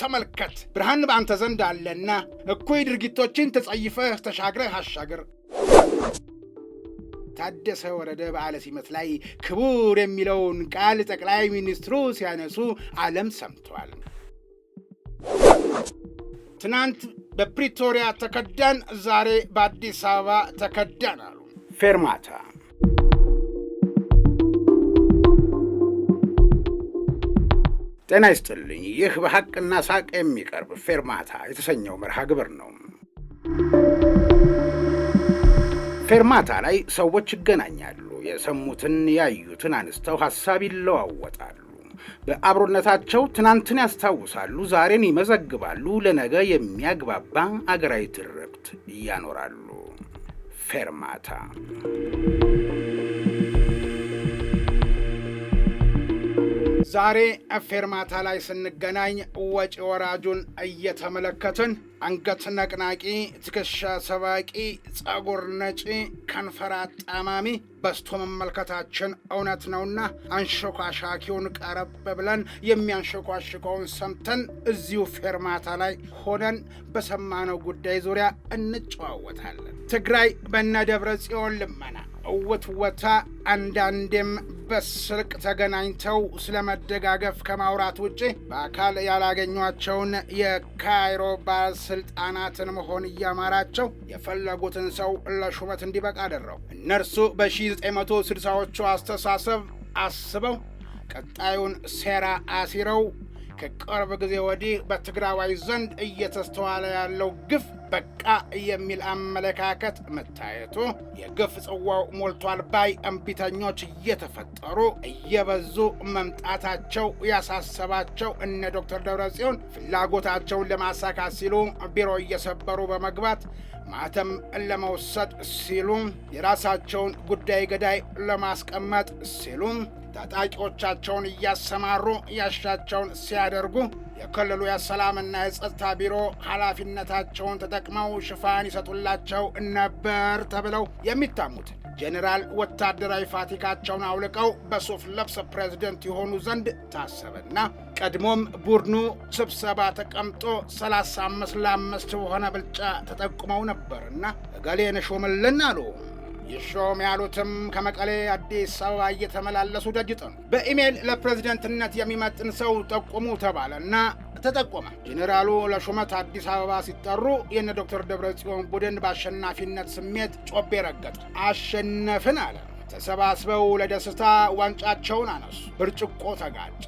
ተመልከት ተመልከት፣ ብርሃን በአንተ ዘንድ አለና እኩይ ድርጊቶችን ተጸይፈህ ተሻግረህ አሻግር። ታደሰ ወረደ በዓለ ሲመት ላይ ክቡር የሚለውን ቃል ጠቅላይ ሚኒስትሩ ሲያነሱ ዓለም ሰምተዋል። ትናንት በፕሪቶሪያ ተከዳን፣ ዛሬ በአዲስ አበባ ተከዳን አሉ። ፌርማታ ጤና ይስጥልኝ። ይህ በሐቅና ሳቅ የሚቀርብ ፌርማታ የተሰኘው መርሃ ግብር ነው። ፌርማታ ላይ ሰዎች ይገናኛሉ። የሰሙትን ያዩትን አንስተው ሐሳብ ይለዋወጣሉ። በአብሮነታቸው ትናንትን ያስታውሳሉ፣ ዛሬን ይመዘግባሉ፣ ለነገ የሚያግባባ አገራዊ ትርክት እያኖራሉ። ፌርማታ ዛሬ ፌርማታ ላይ ስንገናኝ ወጪ ወራጁን እየተመለከትን አንገት ነቅናቂ፣ ትከሻ ሰባቂ፣ ጸጉር ነጪ፣ ከንፈር አጣማሚ በስቶ መመልከታችን እውነት ነውና አንሸኳሻኪውን ቀረብ ብለን የሚያንሸኳሽከውን ሰምተን እዚሁ ፌርማታ ላይ ሆነን በሰማነው ጉዳይ ዙሪያ እንጨዋወታለን። ትግራይ በነደብረ ጽዮን ልመና እውትወታ አንዳንዴም በስልክ ተገናኝተው ስለመደጋገፍ ከማውራት ውጪ በአካል ያላገኟቸውን የካይሮ ባለስልጣናትን መሆን እያማራቸው የፈለጉትን ሰው ለሹመት እንዲበቃ አደረው። እነርሱ በ1960ዎቹ አስተሳሰብ አስበው ቀጣዩን ሴራ አሲረው ከቅርብ ጊዜ ወዲህ በትግራዋይ ዘንድ እየተስተዋለ ያለው ግፍ በቃ የሚል አመለካከት መታየቱ የግፍ ጽዋው ሞልቷል ባይ እምቢተኞች እየተፈጠሩ እየበዙ መምጣታቸው ያሳሰባቸው እነ ዶክተር ደብረጽዮን ፍላጎታቸውን ለማሳካት ሲሉ ቢሮ እየሰበሩ በመግባት ማተም ለመውሰድ ሲሉ የራሳቸውን ጉዳይ ገዳይ ለማስቀመጥ ሲሉ ታጣቂዎቻቸውን እያሰማሩ ያሻቸውን ሲያደርጉ የክልሉ የሰላምና የጸጥታ ቢሮ ኃላፊነታቸውን ተጠቅመው ሽፋን ይሰጡላቸው ነበር ተብለው የሚታሙት ጄኔራል ወታደራዊ ፋቲካቸውን አውልቀው በሱፍ ለብስ ፕሬዝደንት የሆኑ ዘንድ ታሰበና ቀድሞም ቡድኑ ስብሰባ ተቀምጦ 35 ለአምስት በሆነ ብልጫ ተጠቁመው ነበርና እገሌን ሹምልን አሉ። ይሾም ያሉትም ከመቀሌ አዲስ አበባ እየተመላለሱ ደጅ ጥኑ፣ በኢሜይል ለፕሬዝደንትነት የሚመጥን ሰው ጠቁሙ ተባለና ተጠቆመ። ጄኔራሉ ለሹመት አዲስ አበባ ሲጠሩ የነ ዶክተር ደብረ ጽዮን ቡድን በአሸናፊነት ስሜት ጮቤ ረገጥ አሸነፍን አለ። ተሰባስበው ለደስታ ዋንጫቸውን አነሱ። ብርጭቆ ተጋጨ።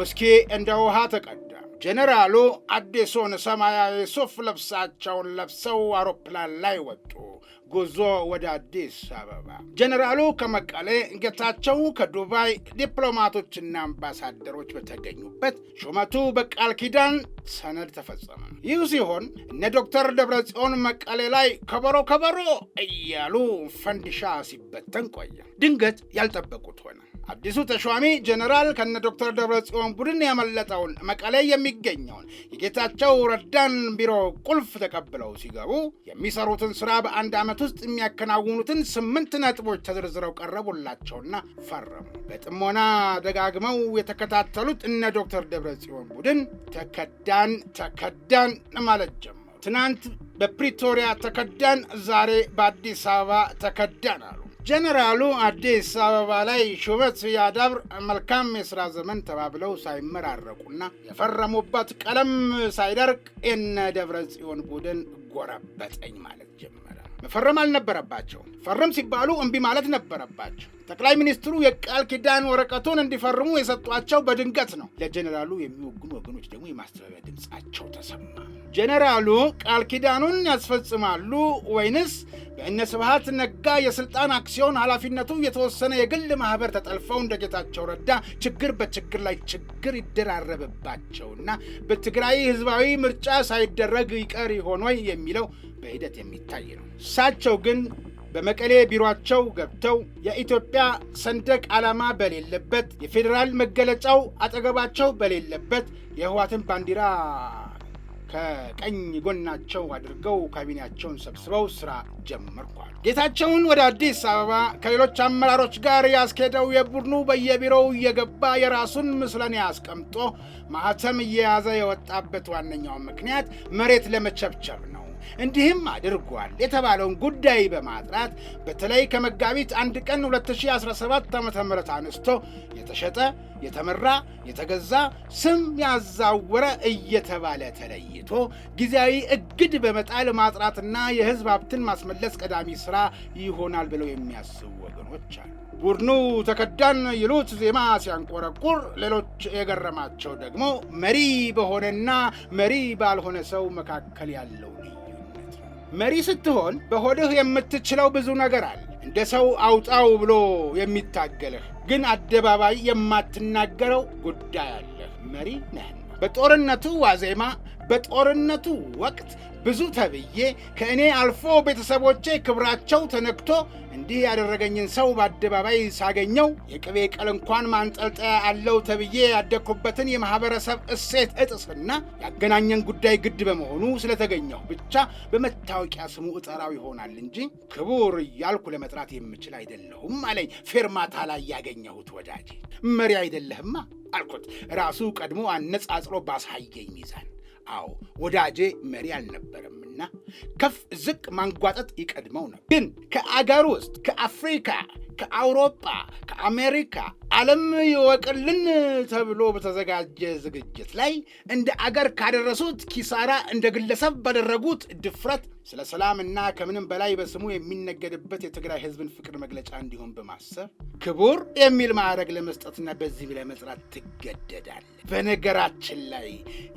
ውስኪ እንደ ውሃ ተቀዳ። ጄኔራሉ አዲሱን ሰማያዊ ሱፍ ልብሳቸውን ለብሰው አውሮፕላን ላይ ወጡ። ጉዞ ወደ አዲስ አበባ። ጄኔራሉ ከመቀሌ፣ ጌታቸው ከዱባይ፣ ዲፕሎማቶችና አምባሳደሮች በተገኙበት ሹመቱ በቃል ኪዳን ሰነድ ተፈጸመ። ይህ ሲሆን እነ ዶክተር ደብረጽዮን መቀሌ ላይ ከበሮ ከበሮ እያሉ ፈንዲሻ ሲበተን ቆየ። ድንገት ያልጠበቁት ሆነ። አዲሱ ተሿሚ ጀነራል ከነ ዶክተር ደብረ ጽዮን ቡድን ያመለጠውን መቀሌ የሚገኘውን የጌታቸው ረዳን ቢሮ ቁልፍ ተቀብለው ሲገቡ የሚሰሩትን ስራ በአንድ ዓመት ውስጥ የሚያከናውኑትን ስምንት ነጥቦች ተዘርዝረው ቀረቡላቸውና ፈረሙ። በጥሞና ደጋግመው የተከታተሉት እነ ዶክተር ደብረ ጽዮን ቡድን ተከዳን ተከዳን ማለት ጀመሩ። ትናንት በፕሪቶሪያ ተከዳን፣ ዛሬ በአዲስ አበባ ተከዳን አሉ። ጀነራሉ አዲስ አበባ ላይ ሹመት ያዳብር መልካም የሥራ ዘመን ተባብለው ሳይመራረቁና የፈረሙበት ቀለም ሳይደርቅ የነ ደብረ ጽዮን ቡድን ጎረበጠኝ ማለት ጀመረ። መፈረም አልነበረባቸውም። ፈርም ሲባሉ እምቢ ማለት ነበረባቸው። ጠቅላይ ሚኒስትሩ የቃል ኪዳን ወረቀቱን እንዲፈርሙ የሰጧቸው በድንገት ነው። ለጀኔራሉ የሚወግኑ ወገኖች ደግሞ የማስተባበያ ድምፃቸው ተሰማ። ጄኔራሉ ቃል ኪዳኑን ያስፈጽማሉ ወይንስ በእነ ስብሐት ነጋ የስልጣን አክሲዮን ኃላፊነቱ የተወሰነ የግል ማህበር ተጠልፈው እንደ ጌታቸው ረዳ ችግር በችግር ላይ ችግር ይደራረብባቸውና በትግራይ ህዝባዊ ምርጫ ሳይደረግ ይቀር ይሆን ወይ የሚለው በሂደት የሚታይ ነው። እሳቸው ግን በመቀሌ ቢሯቸው ገብተው የኢትዮጵያ ሰንደቅ ዓላማ በሌለበት የፌዴራል መገለጫው አጠገባቸው በሌለበት የህዋትን ባንዲራ ከቀኝ ጎናቸው አድርገው ካቢኔያቸውን ሰብስበው ስራ ጀመርኳል። ጌታቸውን ወደ አዲስ አበባ ከሌሎች አመራሮች ጋር ያስኬደው የቡድኑ በየቢሮው እየገባ የራሱን ምስለኔ አስቀምጦ ማህተም እየያዘ የወጣበት ዋነኛው ምክንያት መሬት ለመቸብቸብ ነው። እንዲህም አድርጓል የተባለውን ጉዳይ በማጥራት በተለይ ከመጋቢት አንድ ቀን 2017 ዓ ም አንስቶ የተሸጠ የተመራ የተገዛ ስም ያዛወረ እየተባለ ተለይቶ ጊዜያዊ እግድ በመጣል ማጥራትና የህዝብ ሀብትን ማስመለስ ቀዳሚ ስራ ይሆናል ብለው የሚያስቡ ወገኖች አሉ። ቡድኑ ተከዳን ይሉት ዜማ ሲያንቆረቁር፣ ሌሎች የገረማቸው ደግሞ መሪ በሆነና መሪ ባልሆነ ሰው መካከል ያለው መሪ ስትሆን በሆድህ የምትችለው ብዙ ነገር አለ። እንደ ሰው አውጣው ብሎ የሚታገልህ ግን አደባባይ የማትናገረው ጉዳይ አለ። መሪ ነህን። በጦርነቱ ዋዜማ፣ በጦርነቱ ወቅት ብዙ ተብዬ ከእኔ አልፎ ቤተሰቦቼ ክብራቸው ተነክቶ እንዲህ ያደረገኝን ሰው በአደባባይ ሳገኘው የቅቤ ቀል እንኳን ማንጠልጠያ አለው ተብዬ ያደግኩበትን የማህበረሰብ እሴት እጥስና ያገናኘን ጉዳይ ግድ በመሆኑ ስለተገኘሁ ብቻ በመታወቂያ ስሙ እጠራው ይሆናል እንጂ ክቡር እያልኩ ለመጥራት የምችል አይደለሁም አለኝ። ፌርማታ ላይ ያገኘሁት ወዳጄ። መሪ አይደለህማ አልኩት፣ ራሱ ቀድሞ አነጻጽሮ ባሳየኝ ሚዛን አዎ ወዳጄ መሪ አልነበረምና ከፍ ዝቅ ማንጓጠጥ ይቀድመው ነው። ግን ከአገር ውስጥ ከአፍሪካ ከአውሮጳ ከአሜሪካ ዓለም ይወቅልን ተብሎ በተዘጋጀ ዝግጅት ላይ እንደ አገር ካደረሱት ኪሳራ እንደ ግለሰብ ባደረጉት ድፍረት ስለ ሰላምና ከምንም በላይ በስሙ የሚነገድበት የትግራይ ሕዝብን ፍቅር መግለጫ እንዲሆን በማሰብ ክቡር የሚል ማዕረግ ለመስጠትና በዚህ መጽራት ትገደዳል። በነገራችን ላይ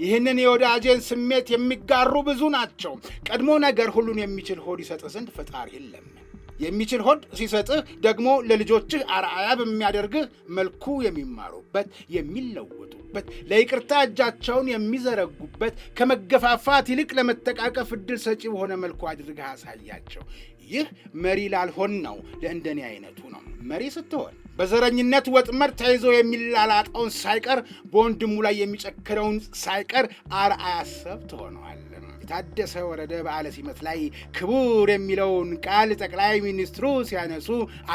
ይህንን የወዳጄን ስሜት የሚጋሩ ብዙ ናቸው። ቀድሞ ነገር ሁሉን የሚችል ሆድ ይሰጥ ዘንድ ፈጣሪ ለምን የሚችል ሆድ ሲሰጥህ ደግሞ ለልጆችህ አርአያ በሚያደርግህ መልኩ የሚማሩበት የሚለወጡበት፣ ለይቅርታ እጃቸውን የሚዘረጉበት፣ ከመገፋፋት ይልቅ ለመጠቃቀፍ እድል ሰጪ በሆነ መልኩ አድርገህ አሳያቸው። ይህ መሪ ላልሆን ነው፣ ለእንደኔ አይነቱ ነው። መሪ ስትሆን በዘረኝነት ወጥመድ ተይዞ የሚላላጠውን ሳይቀር በወንድሙ ላይ የሚጨክረውን ሳይቀር አርአያ ሰብ ትሆነዋል። ታደሰ ወረደ በዓለ ሲመት ላይ ክቡር የሚለውን ቃል ጠቅላይ ሚኒስትሩ ሲያነሱ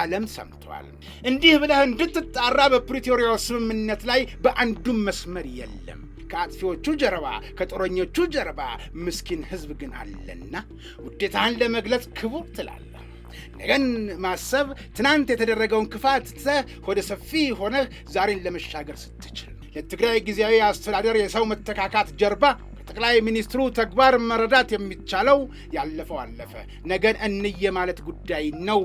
ዓለም ሰምቷል። እንዲህ ብለህ እንድትጣራ በፕሪቶሪያው ስምምነት ላይ በአንዱም መስመር የለም። ከአጥፊዎቹ ጀርባ ከጦረኞቹ ጀርባ ምስኪን ህዝብ ግን አለና ውዴታህን ለመግለጽ ክቡር ትላል። ነገን ማሰብ ትናንት የተደረገውን ክፋት ትተህ ወደ ሰፊ ሆነህ ዛሬን ለመሻገር ስትችል ለትግራይ ጊዜያዊ አስተዳደር የሰው መተካካት ጀርባ ጠቅላይ ሚኒስትሩ ተግባር መረዳት የሚቻለው ያለፈው አለፈ ነገን እንየ ማለት ጉዳይ ነው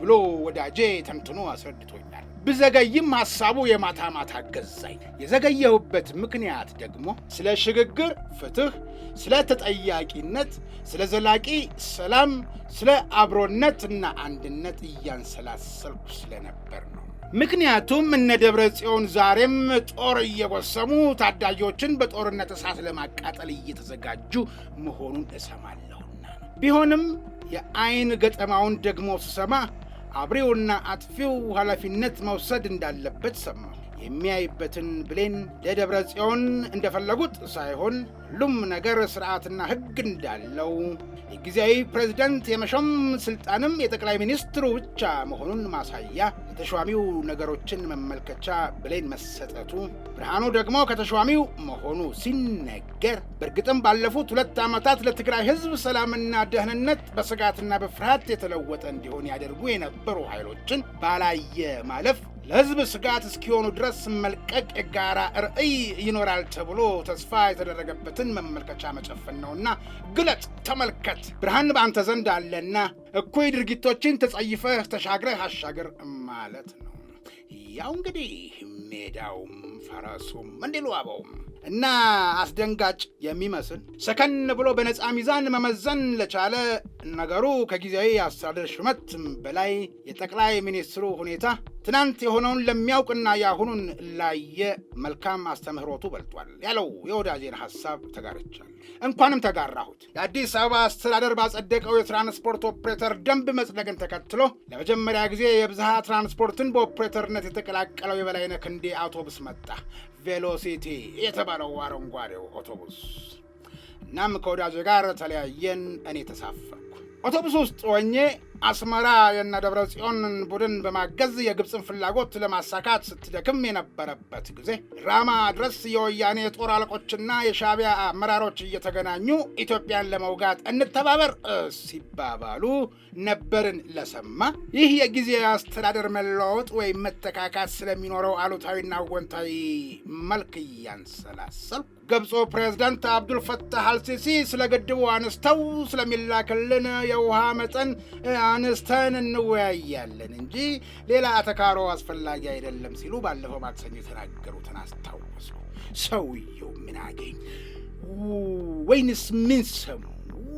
ብሎ ወዳጄ ተንትኖ አስረድቶኛል። ብዘገይም ሐሳቡ የማታ ማታ ገዛኝ። የዘገየሁበት ምክንያት ደግሞ ስለ ሽግግር ፍትህ፣ ስለ ተጠያቂነት፣ ስለ ዘላቂ ሰላም፣ ስለ አብሮነት እና አንድነት እያንሰላሰልኩ ስለነበር ነው። ምክንያቱም እነ ደብረ ጽዮን ዛሬም ጦር እየጎሰሙ ታዳጊዎችን በጦርነት እሳት ለማቃጠል እየተዘጋጁ መሆኑን እሰማለሁና ቢሆንም የአይን ገጠማውን ደግሞ ስሰማ አብሬውና አጥፊው ኃላፊነት መውሰድ እንዳለበት ሰማሁ። የሚያይበትን ብሌን ለደብረ ጽዮን እንደፈለጉት ሳይሆን ሁሉም ነገር ስርዓትና ሕግ እንዳለው የጊዜያዊ ፕሬዝደንት የመሾም ስልጣንም የጠቅላይ ሚኒስትሩ ብቻ መሆኑን ማሳያ የተሿሚው ነገሮችን መመልከቻ ብሌን መሰጠቱ፣ ብርሃኑ ደግሞ ከተሿሚው መሆኑ ሲነገር በእርግጥም ባለፉት ሁለት ዓመታት ለትግራይ ሕዝብ ሰላምና ደህንነት በስጋትና በፍርሃት የተለወጠ እንዲሆን ያደርጉ የነበሩ ኃይሎችን ባላየ ማለፍ ለህዝብ ስጋት እስኪሆኑ ድረስ መልቀቅ የጋራ ርዕይ ይኖራል ተብሎ ተስፋ የተደረገበትን መመልከቻ መጨፈን ነውና ግለጥ፣ ተመልከት፣ ብርሃን በአንተ ዘንድ አለና እኩይ ድርጊቶችን ተጸይፈህ ተሻግረህ አሻግር ማለት ነው። ያው እንግዲህ ሜዳውም ፈረሱም እንዲሉ አበውም እና አስደንጋጭ የሚመስል ሰከን ብሎ በነፃ ሚዛን መመዘን ለቻለ ነገሩ ከጊዜያዊ አስተዳደር ሹመት በላይ የጠቅላይ ሚኒስትሩ ሁኔታ ትናንት የሆነውን ለሚያውቅና የአሁኑን ላየ መልካም አስተምህሮቱ በልጧል ያለው የወዳጄን ሐሳብ ተጋርቻል። እንኳንም ተጋራሁት። የአዲስ አበባ አስተዳደር ባጸደቀው የትራንስፖርት ኦፕሬተር ደንብ መጽደቅን ተከትሎ ለመጀመሪያ ጊዜ የብዝሃ ትራንስፖርትን በኦፕሬተርነት የተቀላቀለው የበላይነህ ክንዴ አውቶቡስ መጣ። ቬሎሲቲ የተባለው አረንጓዴው አውቶቡስ። እናም ከወዳጄ ጋር ተለያየን። እኔ ተሳፈርኩ። አውቶቡስ ውስጥ ሆኜ አስመራ የና ደብረ ጽዮንን ቡድን በማገዝ የግብፅን ፍላጎት ለማሳካት ስትደክም የነበረበት ጊዜ ራማ ድረስ የወያኔ የጦር አለቆችና የሻቢያ አመራሮች እየተገናኙ ኢትዮጵያን ለመውጋት እንተባበር ሲባባሉ ነበርን ለሰማ ይህ የጊዜ አስተዳደር መለዋወጥ ወይም መተካካት ስለሚኖረው አሉታዊና አወንታዊ መልክ እያንሰላሰልኩ ግብፁ ፕሬዝዳንት አብዱልፈታህ አልሲሲ ስለ ግድቡ አንስተው ስለሚላክልን የውሃ መጠን አንስተን እንወያያለን እንጂ ሌላ አተካሮ አስፈላጊ አይደለም ሲሉ ባለፈው ማክሰኞ የተናገሩትን አስታወሱ። ሰውየው ምን አገኝ ወይንስ ምን ሰሙ?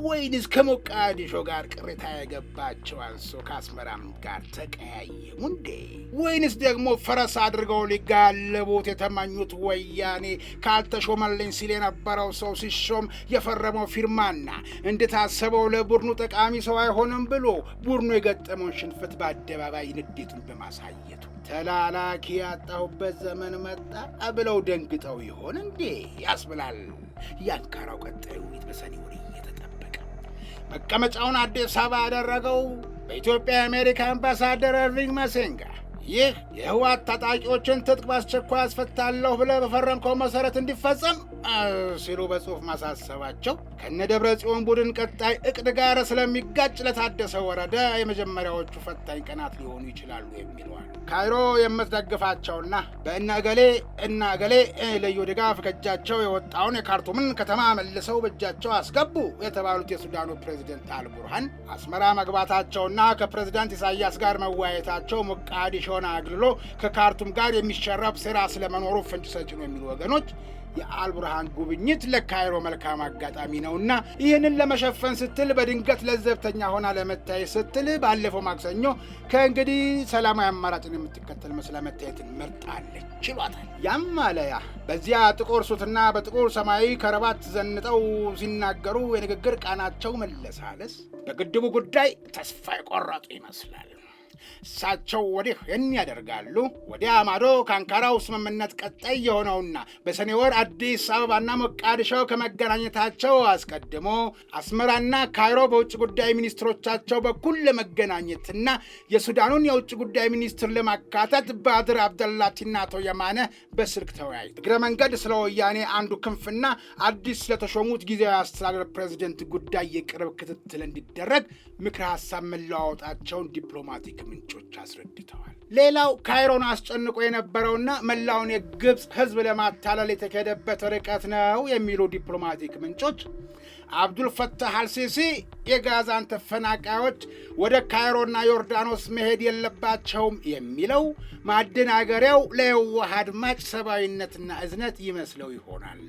ወይንስ ከሞቃዲሾ ጋር ቅሬታ የገባቸው አንሶ ከአስመራም ጋር ተቀያየሙ እንዴ? ወይንስ ደግሞ ፈረስ አድርገው ሊጋለቡት የተመኙት ወያኔ ካልተሾመልኝ ሲል የነበረው ሰው ሲሾም የፈረመው ፊርማና እንደታሰበው ለቡድኑ ጠቃሚ ሰው አይሆንም ብሎ ቡድኑ የገጠመውን ሽንፈት በአደባባይ ንዴቱን በማሳየቱ ተላላኪ ያጣሁበት ዘመን መጣ ብለው ደንግጠው ይሆን እንዴ ያስብላል። ያንካራው ቀጣይ ውይይት በሰኔ መቀመጫውን አዲስ አበባ ያደረገው በኢትዮጵያ የአሜሪካ አምባሳደር እርቪንግ መሴንጋ ይህ የህወሓት ታጣቂዎችን ትጥቅ በአስቸኳይ አስፈታለሁ ብለህ በፈረምከው መሠረት እንዲፈጸም ሲሉ በጽሁፍ ማሳሰባቸው ከነደብረ ጽዮን ቡድን ቀጣይ እቅድ ጋር ስለሚጋጭ ለታደሰ ወረደ የመጀመሪያዎቹ ፈታኝ ቀናት ሊሆኑ ይችላሉ የሚለዋል። ካይሮ የምትደግፋቸውና በእነ እገሌ እና እገሌ ልዩ ድጋፍ ከእጃቸው የወጣውን የካርቱምን ከተማ መልሰው በእጃቸው አስገቡ የተባሉት የሱዳኑ ፕሬዚደንት አልቡርሃን አስመራ መግባታቸውና ከፕሬዚዳንት ኢሳያስ ጋር መወያየታቸው ሞቃዲሾን አግልሎ ከካርቱም ጋር የሚሸረብ ስራ ስለመኖሩ ፍንጭ ሰጭ ነው የሚሉ ወገኖች የአልቡርሃን ጉብኝት ለካይሮ መልካም አጋጣሚ ነውና ይህንን ለመሸፈን ስትል በድንገት ለዘብተኛ ሆና ለመታየት ስትል ባለፈው ማክሰኞ ከእንግዲህ ሰላማዊ አማራጭን የምትከተል መስላ መታየትን መርጣለች ችሏታል። ያም አለያ በዚያ ጥቁር ሱትና በጥቁር ሰማያዊ ከረባት ዘንጠው ሲናገሩ የንግግር ቃናቸው መለሳለስ በግድቡ ጉዳይ ተስፋ የቆረጡ ይመስላል። እሳቸው ወዲህ ይህን ያደርጋሉ፣ ወዲያ ማዶ ከአንካራው ስምምነት ቀጣይ የሆነውና በሰኔ ወር አዲስ አበባና ሞቃዲሾ ከመገናኘታቸው አስቀድሞ አስመራና ካይሮ በውጭ ጉዳይ ሚኒስትሮቻቸው በኩል ለመገናኘትና የሱዳኑን የውጭ ጉዳይ ሚኒስትር ለማካተት ባድር አብደላቲና አቶ የማነ በስልክ ተወያዩ። እግረ መንገድ ስለ ወያኔ አንዱ ክንፍና አዲስ ለተሾሙት ጊዜያዊ አስተዳደር ፕሬዚደንት ጉዳይ የቅርብ ክትትል እንዲደረግ ምክረ ሀሳብ መለዋወጣቸውን ዲፕሎማቲክ ምንጮች አስረድተዋል። ሌላው ካይሮን አስጨንቆ የነበረውና መላውን የግብፅ ህዝብ ለማታለል የተካሄደበት ርቀት ነው የሚሉ ዲፕሎማቲክ ምንጮች አብዱልፈታህ አልሲሲ የጋዛን ተፈናቃዮች ወደ ካይሮና ዮርዳኖስ መሄድ የለባቸውም የሚለው ማደናገሪያው ለየዋህ አድማጭ ሰብአዊነትና እዝነት ይመስለው ይሆናል።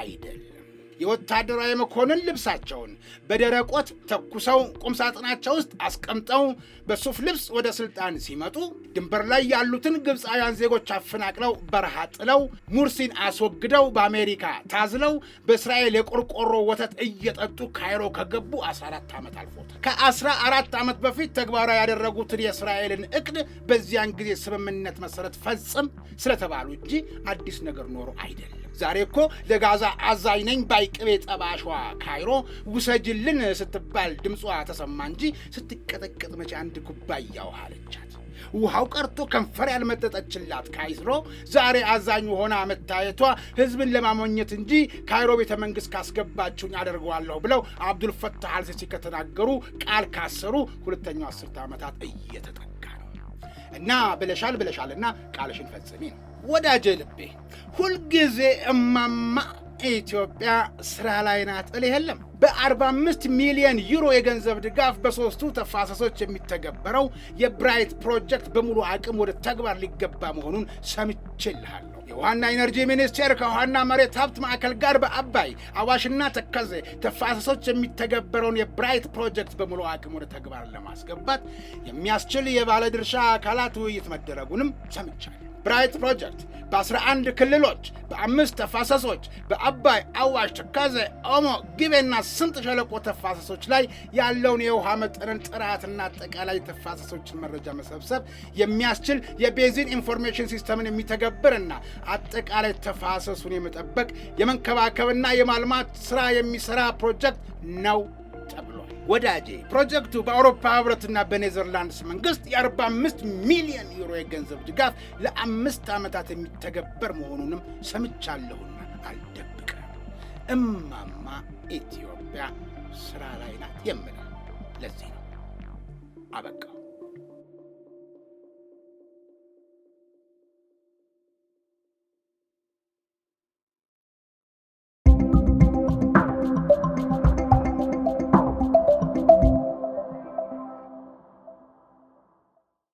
አይደለም። የወታደራዊ መኮንን ልብሳቸውን በደረቆት ተኩሰው ቁምሳጥናቸው ውስጥ አስቀምጠው በሱፍ ልብስ ወደ ስልጣን ሲመጡ ድንበር ላይ ያሉትን ግብፃውያን ዜጎች አፈናቅለው በረሃ ጥለው ሙርሲን አስወግደው በአሜሪካ ታዝለው በእስራኤል የቆርቆሮ ወተት እየጠጡ ካይሮ ከገቡ 14 ዓመት አልፎታል። ከ14 ዓመት በፊት ተግባራዊ ያደረጉትን የእስራኤልን እቅድ በዚያን ጊዜ ስምምነት መሰረት ፈጽም ስለተባሉ እንጂ አዲስ ነገር ኖሮ አይደለም። ዛሬ እኮ ለጋዛ አዛኝ ነኝ ባይ ቅቤ ጠባሿ ካይሮ ውሰጅልን ስትባል ድምጿ ተሰማ እንጂ ስትቀጠቀጥ መቼ አንድ ኩባያ ውሃ አለቻት። ውሃው ቀርቶ ከንፈር ያልመጠጠችላት ካይሮ ዛሬ አዛኙ ሆና መታየቷ ህዝብን ለማሞኘት እንጂ ካይሮ ቤተ መንግስት ካስገባችሁኝ አደርገዋለሁ ብለው አብዱልፈታህ አልሲሲ ከተናገሩ ቃል ካሰሩ ሁለተኛው አስርተ ዓመታት እየተጠጋ ነው እና ብለሻል ብለሻልና ቃልሽን ፈጽሜ ነው ወዳጄ ልቤ ሁልጊዜ እማማ ኢትዮጵያ ስራ ላይ ናት እል የለም። በ45 ሚሊዮን ዩሮ የገንዘብ ድጋፍ በሶስቱ ተፋሰሶች የሚተገበረው የብራይት ፕሮጀክት በሙሉ አቅም ወደ ተግባር ሊገባ መሆኑን ሰምቼልሃለሁ። የውሃና ኢነርጂ ሚኒስቴር ከውሃና መሬት ሀብት ማዕከል ጋር በአባይ አዋሽና ተከዜ ተፋሰሶች የሚተገበረውን የብራይት ፕሮጀክት በሙሉ አቅም ወደ ተግባር ለማስገባት የሚያስችል የባለድርሻ አካላት ውይይት መደረጉንም ሰምቻለሁ። ብራይት ፕሮጀክት በ11 ክልሎች በአምስት ተፋሰሶች በአባይ፣ አዋሽ፣ ተከዜ፣ ኦሞ፣ ግቤና ስምጥ ሸለቆ ተፋሰሶች ላይ ያለውን የውሃ መጠንን ጥራትና አጠቃላይ ተፋሰሶችን መረጃ መሰብሰብ የሚያስችል የቤዚን ኢንፎርሜሽን ሲስተምን የሚተገብርና አጠቃላይ ተፋሰሱን የመጠበቅ የመንከባከብና የማልማት ስራ የሚሰራ ፕሮጀክት ነው። ወዳጄ ፕሮጀክቱ በአውሮፓ ህብረትና በኔዘርላንድስ መንግስት የ45 ሚሊዮን ዩሮ የገንዘብ ድጋፍ ለአምስት ዓመታት የሚተገበር መሆኑንም ሰምቻለሁና አልደብቅም። እማማ ኢትዮጵያ ስራ ላይ ናት የምለው ለዚህ ነው። አበቃ።